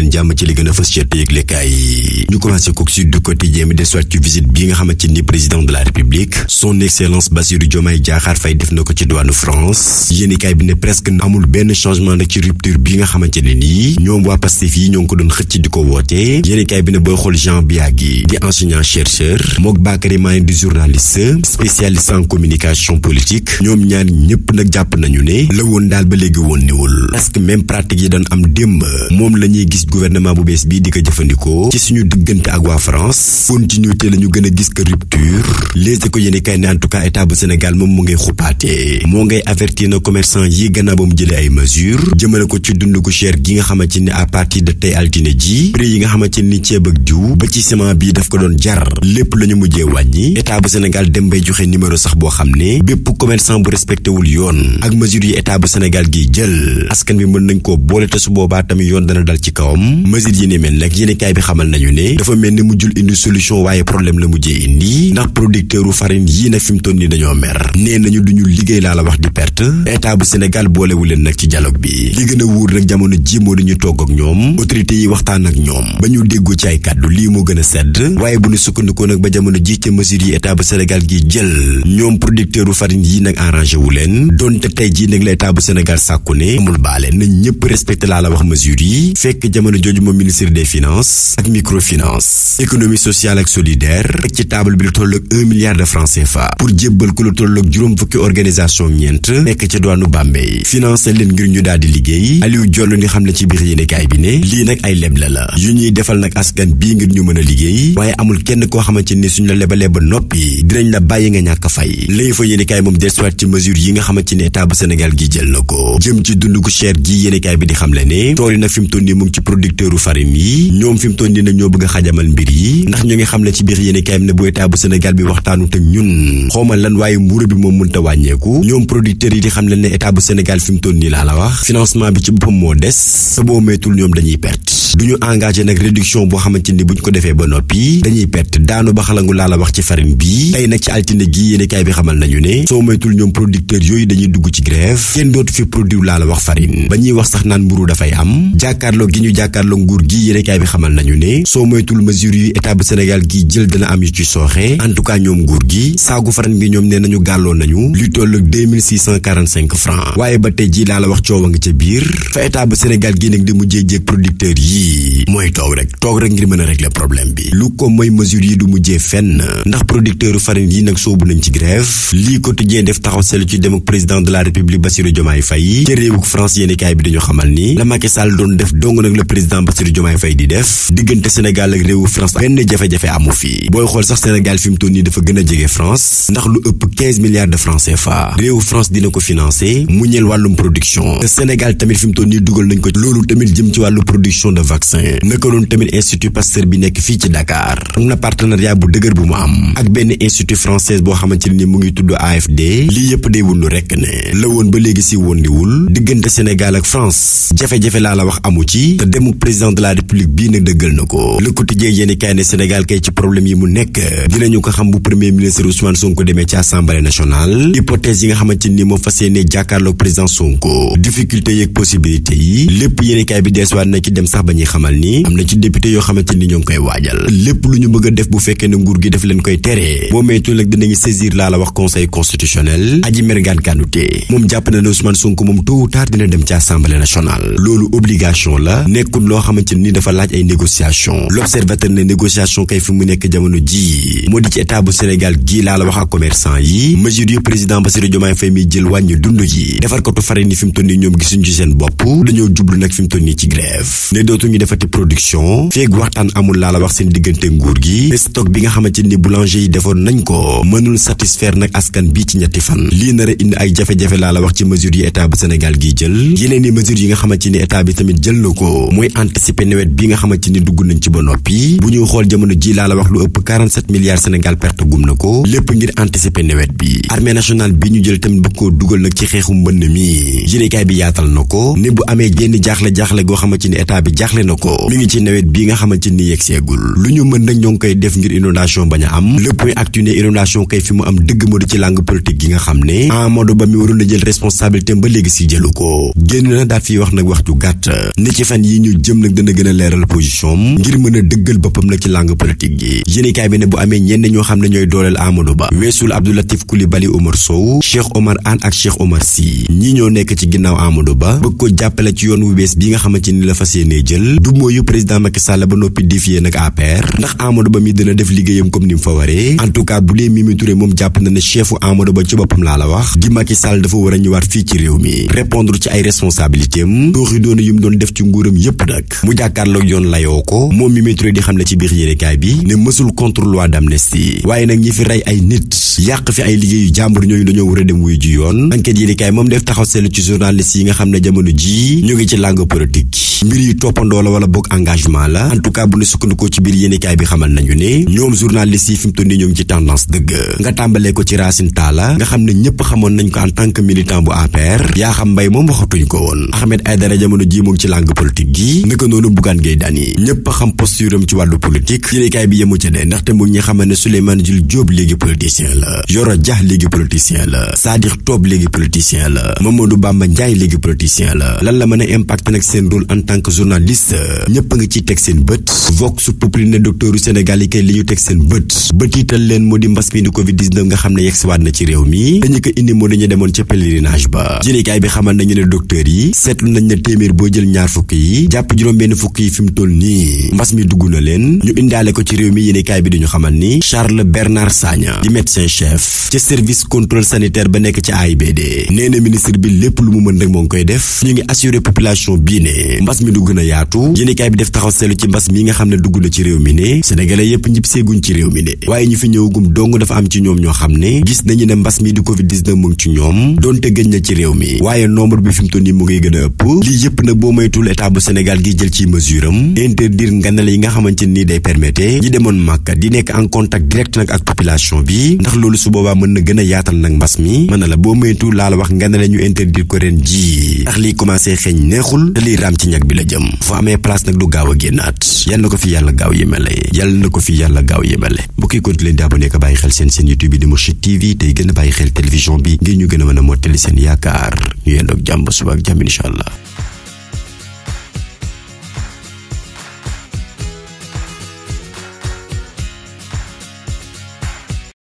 leen jàmm ci li gën a fës ci yëglekaay yi ñu commencé ko Sud mi des waat ci visite bi nga xamante ni président de la République son excellence Bassirou Diomaye Diakhar Faye def na ko ci douane France yéenekaay bi ne presque amul benn changement nag ci rupture bi nga xamante ne nii ñoom waa Pastef yi ñoo ko doon xëcc di ko woote yéenekaay bi ne booy xool Jean Biagui di enseignant chercheur mook Bakary Mané di journaliste spécialiste gouvernement bu bees bii di ko jëfandikoo ci suñu diggante ak waa France continuité la ñu gën a gis que rupture léegi ko yéene kay ne en tout cas moom mu ngay xupaatee moo ngay avertir na commerçant yi gannaaw ba mu jëlee ay mesures jëmale ko ci dund gu cher gi nga xamante ni à partir de tey altine ji prix yi nga xamante ni ceeb ak jiw ba ci ciment bii daf ko doon jar lépp la ñu mujjee wàññi état bu Sénégal dem bay joxe numéro sax boo xam ne bépp commerçant bu wul yoon ak mesures yi état bu gi jël askan bi mën nañ koo boole te ñoom mesure yi ni mel nag yéenekaay bi xamal nañu ne dafa mel ni mujjul indi solution waaye problème la mujjee indi ndax producteuru farin yii nag fi mu toll nii dañoo mer nee nañu duñu liggéey laa wax di perte état bu Sénégal boolewu leen nag ci dialogue bi li gën a wuur nag jamono jii moo ñu togg ak ñoom autorité yi waxtaan ak ñoom ba ñu déggu ci ay kàddu lii moo gën a sedd waaye bu ñu sukkandikoo nag ba jamono jii ca mesure yi état bu Sénégal gi jël ñoom producteuru farin yi nag arrangé wu leen donte tey jii nag la état bu Sénégal sàkku ne amul baale na ñëpp respecté laa wax mesure yi jamono jooju moom ministre des finances ak microfinance économie sociale ak solidaire teg ci bi lu toll ak un milliard de francs pour jébbal ko lu toll ak juróom fukki organisation ñeent nekk ca doonu Bambey financé leen ngir ñu daal liggéey Aliou Diollo ni xam ne ci biir yéenekaay bi ne lii nag ay leble la yu ñuy defal nag askan bii ngir ñu mën a liggéey waaye amul kenn koo xamante ni suñ la lebalee ba noppi dinañ la bàyyi nga ñàkk fay lañu producteuru farine yi ñoom fi mu nii nag bëgg a xajamal mbir yi ndax ñu ngi xam ne ci biir yéene kaayam bi waxtaanu teg ñun xoomal lan waaye mbuuru bi moom mënta wàññeeku ñoom producteurs yi xam ne ne état bu Sénégal fi mu toll nii laa la wax financement bi ci moo des sa boo meetul ñoom dañuy perte duñu engagé nag réduction boo xamante ni buñ ko defee ba noppi dañuy perte daanu ba laa la wax ci farine bi tey nag ci altine gi yéene kaay bi xamal nañu ne soo moytul ñoom producteur yooyu dañuy dugg ci grève kenn dootu fi produit laa la wax farine ba ñuy wax sax naan mburu dafay am jàkkaarloo gi jàkkaarloo nguur gi yéenekaay bi xamal nañu ne soo moytul mesure yu état bu gi jël dana am yu ci sooxe en tout cas ñoom nguur gi saagu faran gi ñoom nee nañu gàlloo nañu lu toll 2645 francs a ngi ca biir fa état bu Sénégal gi nag di mujjee jéeg producteurs yi mooy toog rek toog rek ngir mën a régler problème bi lu ko mooy mesure yi du mujjee fenn ndax producteur farine yi nag soobu nañ ci grève lii quotidien def taxaw seetlu ci dem ak président de la république Bassirou Diomaye Faye ca ni la président Bassirou Diomaye Faye di def diggante Sénégal ak réewu France benn jafe-jafe amu fi booy xool sax Sénégal fi mu toll nii dafa gën a jege France ndax lu ëpp 15 milliards de francs CFA réewu France dina ko financé mu ñeel wàllum production te Sénégal tamit fi mu toll nii dugal nañ ko loolu tamit jëm ci wàllu production de vaccin naka noonu tamit institut Pasteur bi nekk fii ci Dakar na partenariat bu dëgër bu mu am ak benn institut française boo xamante ne ni mu ngi la la wax amu ci mu président de la république bii nag dëggal na ko Le Quotidien yéeni kaay ne Sénégal kay ci problème yi mu nekk dinañu ko xam bu premier ministre Ousmane Sonko demee ci assemblée nationale hypothèse yi nga xamante ni moo fas yéene jàkkaarloog président Sonko difficulté yeeg possibilité yi lépp yéeni kaay bi deesuwaat na ci dem sax ba ñuy xamal ni am na ci député yoo xamante ni ñoo ngi koy waajal lépp lu ñu bëgg def bu fekkee ne nguur gi def leen koy tere boo moytuwul nag dinañu saisir laa la wax conseil constitutionnel aji mergaan kàndute moom jàpp na ne Ousmane moom tôt ou tard dina dem ci assemblée nationale loolu obligation la nekk nekkul loo xamante ni dafa laaj ay négociation l'observateur ne négociation kay fi mu nekk jamono ji moo di ci état bu Sénégal gii laa la wax ak commerçant yi mesure yu président Bassirou Diomaye Faye mi jël wàññi dund yi defarkatu farine yi fi mu toll ñoom gisuñ ci seen bopp dañoo jublu nag fi mu toll ci grève ne dootuñu defati production feeg waxtaan amul laa la wax seen diggante nguur gi stock bi nga xamante ni boulanger yi defoon nañ ko mënul bi ci ñetti fan a indi ay jafe-jafe laa i muy anticiper nawet bi nga xamante ni dugg nañ ci ba noppi bu ñuy xool jamono ji laa la wax lu ëpp 47 milliards perte gum ko lépp ngir anticiper nawet bi armée nationale bi ñu jël tamit bëgg koo dugal nag ci xeexu mbënn mi yéenekaay bi yaatal na ko ne bu amee génn jaaxle-jaaxle goo xamante ni état bi jaaxle na ko mi ngi nawet bi nga xamante ni yegg seegul lu ñu mën nag ñoo koy def ngir inondation bañ a am lépp muy actu ne inondation kay fi ma du ci langue politique gi Ba mi a jël responsabilité ba léegi si jëlu ko génn ñu jëm nag dana gën a leeral position ngir mën a dëggal boppam nag ci langue politique gi yéenekaay bi ne bu amee ñenn ñoo xam ne ñooy dooleel Amadou Ba weesul Abdou Latif Coulibaly Omar Sow Cheikh Omar Anne ak Cheikh Omar Sy ñi ñoo nekk ci ginnaaw Amadou Ba bëgg ko jàppale ci yoon wu bees bi nga xamante ni la fas yéenee jël du mooyu président Macky Sall ba noppi défier nag APR ndax Amadou Ba mi dana def liggéeyam comme ni mu fa waree en tout a ñëwaat fii ci yépp nag mu yoon layoo ko moom mi métro di xam ne ci biir yéenekaay bi ne mësul contre loi waaye nag ñi fi rey ay nit yàq fi ay liggéeyu jàmbur ñooñu dañoo war a dem wuy ji yoon enquête yéenekaay moom def taxaw seetlu ci journaliste yi nga xam ne jamono ji ñu ngi ci yi toppandoo la wala ñoom ci tendance dëgg nga tàmbalee ko ci Racine Talla nga xam ne ñëpp xamoon nañ ko en tant que bu APR yaa xam mbay moom waxatuñ ko woon Ahmed yi naka noonu Bougane Gueye Dany ñëpp a xam posture am ci wàllu politique yéenekaay bi yemu ca de ndaxte mu ngi xamal ne Souleymane Jules Diop léegi politicien la Yoro Dia léegi politicien la Sadikh Top léegi politicien la Mamadou Bamba Ndiaye léegi politicien la lan la mën a impact nag seen rôle en tant que journaliste ñëpp a ciy teg seen bët Vox Populi ne docteur Sénégal yi kay li ñu teg seen bët bëtiital leen moo di mbas mi di Covid 19 nga xam ne yegg siwaat na ci réew mi dañu ko indi moo dañu demoon ca pèlerinage ba yéenekaay bi xamal nañu ne docteur yi seetlu nañ ne téeméer boo jël ñaar fukk yi jàpp juróom-benn fukk yi fi mu toll nii mbas mi dugg na leen ñu indaale ko ci réew mi yéenekaay bi dañu xamal ni Charles Bernard Sagna di médecin chef ci service contrôle sanitaire ba nekk ci AIBD nee na ministre bi lépp lu mu mën rek moo ngi koy def ñu ngi assurer population bii ne mbas mi dugg na yaatu yéenekaay bi def taxaw seetlu ci mbas mi nga xam ne dugg na ci réew mi ne sénégalais yépp ñib seeguñ ci réew mi ne waaye ñu fi ñëwagum dong dafa ci ñoom ñoo xam ne gis nañu ne mbas mi di covid mu ci ñoom donte gëj na ci réew mi waaye nombre fi mu toll nii ngi gën a ëpp lii boo moytul état Sénégal gi jël ci mesure nga interdire nganale yi nga xamante ni day permettre ñi demoon màkka di nekk en contact direct nag ak population bi ndax loolu su boobaa mën na gën a yaatal nag mbas mi mën na la boo moytu laa la wax nganale ñu interdire ko ren ji ndax liy commencé xeeñ neexul te liy raam ci ñag bi la jëm fu amee place nag du gaaw a at yal na ko fi yàlla gaaw yemale yal na ko fi yàlla gaaw yemale bu koy continuer di abonné ko bàyyi xel seen seen YouTube bi di Mourchid TV tey gën a bàyyi xel télévision bi ngir ñu gën a mën a mottali seen yaakaar ñu yendoog jàmm suba ak jàmm incha allah